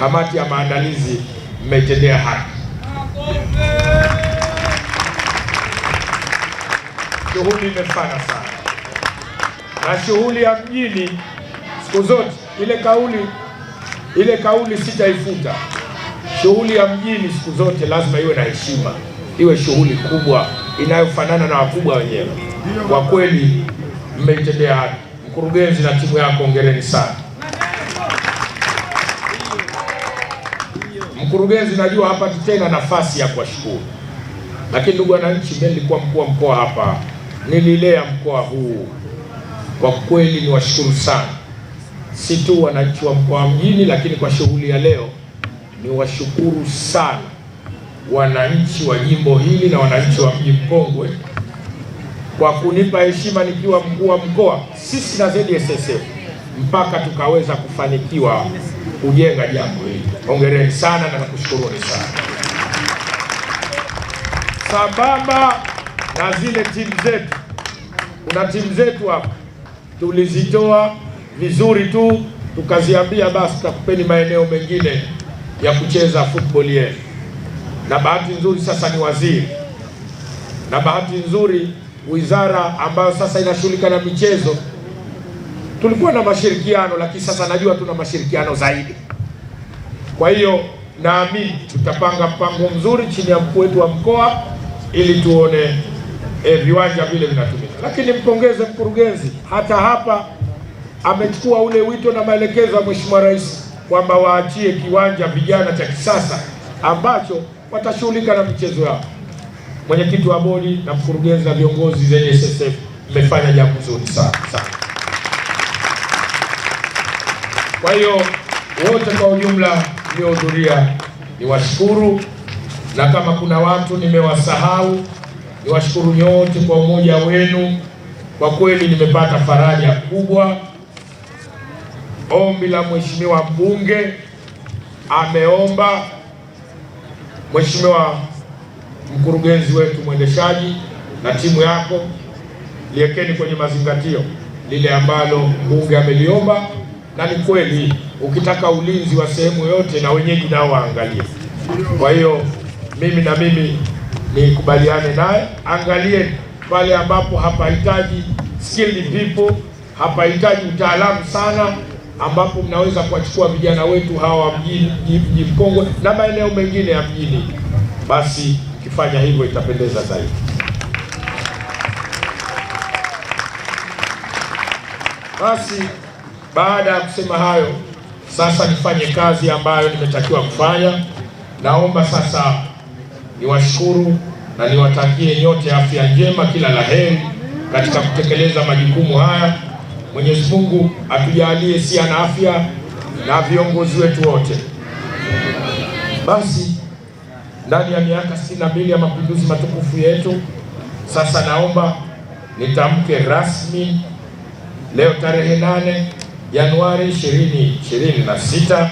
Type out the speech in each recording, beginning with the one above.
kamati ya maandalizi, mmeitendea haki. Shughuli imefana sana na shughuli ya mjini siku zote. Ile kauli ile kauli sitaifuta. Shughuli ya mjini siku zote lazima iwe na heshima, iwe shughuli kubwa inayofanana na wakubwa wenyewe. Kwa kweli mmeitendea haki. Mkurugenzi na timu yako, ongereni sana. mkurugenzi, najua hapa tena nafasi ya kuwashukuru, lakini ndugu wananchi, mimi nilikuwa mkuu wa mkoa hapa, nililea mkoa huu. Kwa kweli niwashukuru sana, si tu wananchi wa mkoa mjini, lakini kwa shughuli ya leo niwashukuru sana wananchi wa jimbo hili na wananchi wa mji mkongwe kwa kunipa heshima nikiwa mkuu wa mkoa, sisi na ZSSF mpaka tukaweza kufanikiwa kujenga jambo hili. Hongereni sana na nakushukuruni sana. Sambamba na zile timu zetu, kuna timu zetu hapa tulizitoa vizuri tu, tukaziambia basi tutakupeni maeneo mengine ya kucheza football yenu, na bahati nzuri sasa ni waziri, na bahati nzuri wizara ambayo sasa inashughulika na michezo tulikuwa na mashirikiano, lakini sasa najua tuna mashirikiano zaidi. Kwa hiyo naamini tutapanga mpango mzuri chini ya mkuu wetu wa mkoa ili tuone e, viwanja vile vinatumika. Lakini mpongeze mkurugenzi, hata hapa amechukua ule wito na maelekezo ya Mheshimiwa Rais kwamba waachie kiwanja vijana cha kisasa ambacho watashughulika na michezo yao. Mwenyekiti wa bodi na mkurugenzi na viongozi SSF, mmefanya jambo zuri sana sana. Kwa hiyo wote kwa ujumla mliohudhuria, niwashukuru, na kama kuna watu nimewasahau, niwashukuru nyote kwa umoja wenu. Kwa kweli nimepata faraja kubwa. Ombi la mheshimiwa mbunge ameomba, mheshimiwa mkurugenzi wetu mwendeshaji na timu yako, liekeni kwenye mazingatio lile ambalo mbunge ameliomba na ni kweli, ukitaka ulinzi wa sehemu yote na wenyeji nao waangalie. Kwa hiyo mimi na mimi nikubaliane naye, angalie pale ambapo hapahitaji skilled people, hapahitaji utaalamu sana, ambapo mnaweza kuwachukua vijana wetu hawa mji mkongwe na maeneo mengine ya mjini, basi ukifanya hivyo itapendeza zaidi. Basi baada ya kusema hayo, sasa nifanye kazi ambayo nimetakiwa kufanya. Naomba sasa niwashukuru na niwatakie nyote afya njema, kila la heri katika kutekeleza majukumu haya. Mwenyezi Mungu atujalie sia na afya na viongozi wetu wote. Basi ndani ya miaka sitini na mbili ya mapinduzi matukufu yetu, sasa naomba nitamke rasmi leo tarehe nane Januari 2026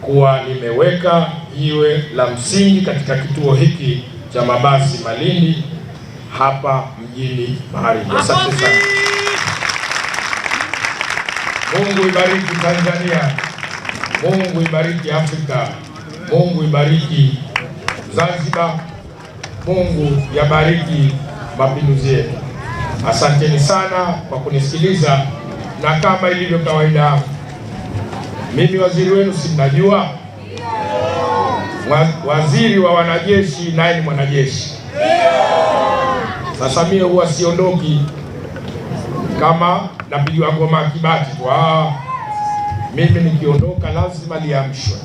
kuwa limeweka iwe la msingi katika kituo hiki cha mabasi Malindi hapa mjini Magharibi. Asante sana. Mungu ibariki Tanzania, Mungu ibariki Afrika, Mungu ibariki Zanzibar, Mungu yabariki mapinduzi yetu. Asanteni sana kwa kunisikiliza na kama ilivyo kawaida yangu, mimi waziri wenu simnajua, waziri wa wanajeshi naye ni mwanajeshi. Sasa mie huwa siondoki kama napigiwa ngoma Kibati tu. Ah, mimi nikiondoka lazima liamshwe.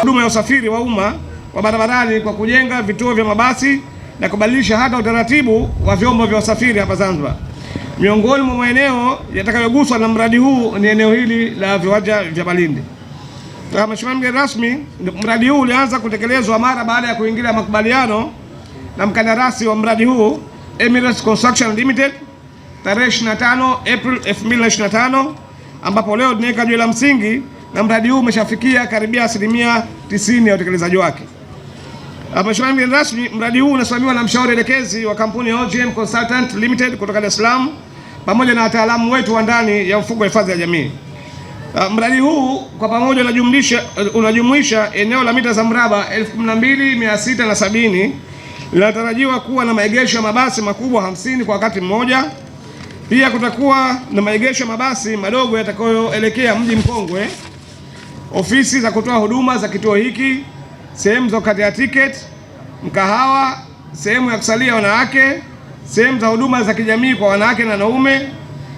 Huduma ya usafiri wa umma wa barabarani kwa kujenga vituo vya mabasi na kubadilisha hata utaratibu wa vyombo vya usafiri hapa Zanzibar. Miongoni mwa maeneo yatakayoguswa na mradi huu ni eneo hili la viwanja vya Malindi. Mheshimiwa mgeni rasmi, mradi huu ulianza kutekelezwa mara baada ya kuingilia makubaliano na mkandarasi wa mradi huu Emirates Construction Limited tarehe 25 April 2025 ambapo leo tunaweka jiwe la msingi na mradi huu umeshafikia karibia asilimia 90 ya utekelezaji wake. Mheshimiwa mgeni rasmi, mradi huu unasimamiwa na mshauri elekezi wa kampuni OGM Consultant Limited kutoka Dar es Salaam pamoja na wataalamu wetu wa ndani ya mfuko wa hifadhi ya jamii. Uh, mradi huu kwa pamoja unajumlisha unajumuisha eneo la mita za mraba 12670 linatarajiwa kuwa na maegesho ya mabasi makubwa hamsini kwa wakati mmoja. Pia kutakuwa na maegesho ya mabasi madogo yatakayoelekea mji mkongwe, ofisi za kutoa huduma za kituo hiki, sehemu za kukatia tiketi, mkahawa, sehemu ya kusalia wanawake sehemu za huduma za kijamii kwa wanawake na wanaume,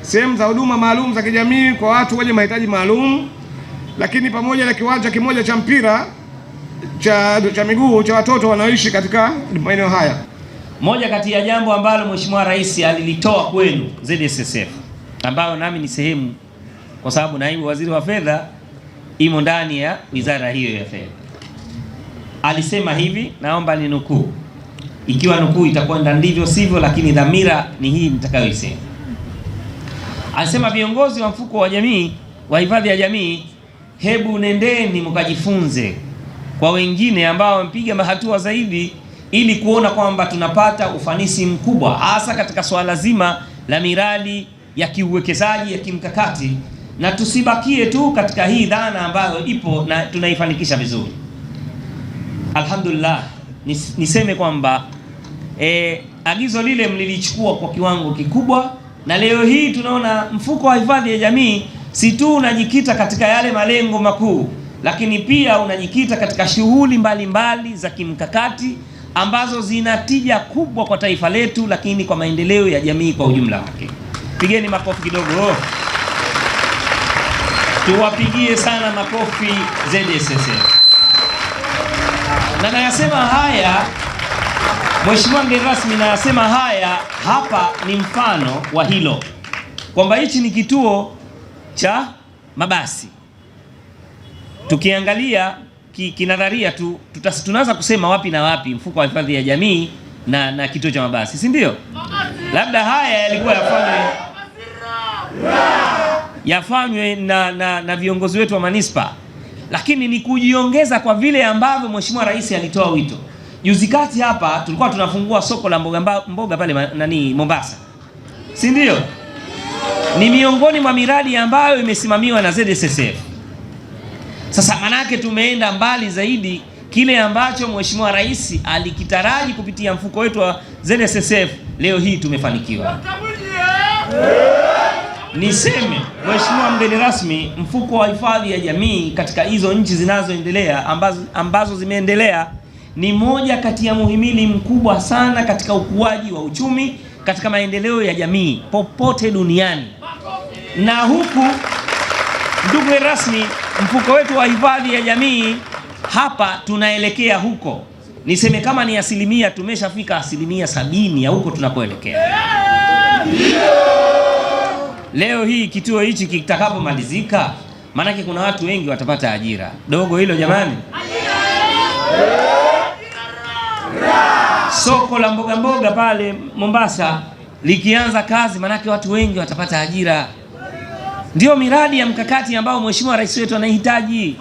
sehemu za huduma maalum za kijamii kwa watu wenye mahitaji maalum, lakini pamoja na kiwanja kimoja cha mpira cha, cha miguu cha watoto wanaoishi katika maeneo haya. Moja kati ya jambo ambalo Mheshimiwa Rais alilitoa kwenu ZSSF, ambayo nami ni sehemu, kwa sababu naibu waziri wa fedha imo ndani ya wizara hiyo ya fedha, alisema hivi, naomba ninukuu ikiwa nukuu itakwenda ndivyo sivyo, lakini dhamira ni hii nitakayoisema. Anasema viongozi wa mfuko wa jamii wa hifadhi ya jamii, hebu nendeni mkajifunze kwa wengine ambao wamepiga hatua zaidi, ili kuona kwamba tunapata ufanisi mkubwa, hasa katika swala zima la miradi ya kiuwekezaji ya kimkakati, na tusibakie tu katika hii dhana ambayo ipo na tunaifanikisha vizuri. Alhamdulillah, niseme kwamba E, agizo lile mlilichukua kwa kiwango kikubwa, na leo hii tunaona mfuko wa hifadhi ya jamii si tu unajikita katika yale malengo makuu, lakini pia unajikita katika shughuli mbalimbali za kimkakati ambazo zina tija kubwa kwa taifa letu, lakini kwa maendeleo ya jamii kwa ujumla wake. Pigeni makofi kidogo, tuwapigie sana makofi ZSSF, na nayasema haya Mheshimiwa mgeni rasmi, nayasema haya hapa ni mfano wa hilo kwamba hichi ni kituo cha mabasi. Tukiangalia ki, kinadharia tu tunaanza kusema wapi na wapi mfuko wa hifadhi ya jamii na, na kituo cha mabasi si ndio? Labda haya yalikuwa yafanywe yafanywe na, na, na viongozi wetu wa manispa, lakini ni kujiongeza kwa vile ambavyo Mheshimiwa Rais alitoa wito Juzi kati hapa tulikuwa tunafungua soko la mboga mboga pale nani Mombasa, si ndio? Ni miongoni mwa miradi ambayo imesimamiwa na ZSSF. Sasa manake tumeenda mbali zaidi kile ambacho Mheshimiwa Rais alikitaraji kupitia mfuko wetu wa ZSSF, leo hii tumefanikiwa. Niseme Mheshimiwa mgeni rasmi, mfuko wa hifadhi ya jamii katika hizo nchi zinazoendelea ambazo, ambazo zimeendelea ni moja kati ya muhimili mkubwa sana katika ukuaji wa uchumi, katika maendeleo ya jamii popote duniani. Na huku, ndugu rasmi, mfuko wetu wa hifadhi ya jamii hapa tunaelekea huko, niseme kama ni asilimia, tumeshafika asilimia sabini ya huko tunakoelekea. Leo hii kituo hichi kitakapomalizika, maanake kuna watu wengi watapata ajira. Dogo hilo jamani soko la mboga mboga pale Mombasa likianza kazi, manake watu wengi watapata ajira. Ndiyo miradi ya mkakati ambao mheshimiwa rais wetu anahitaji.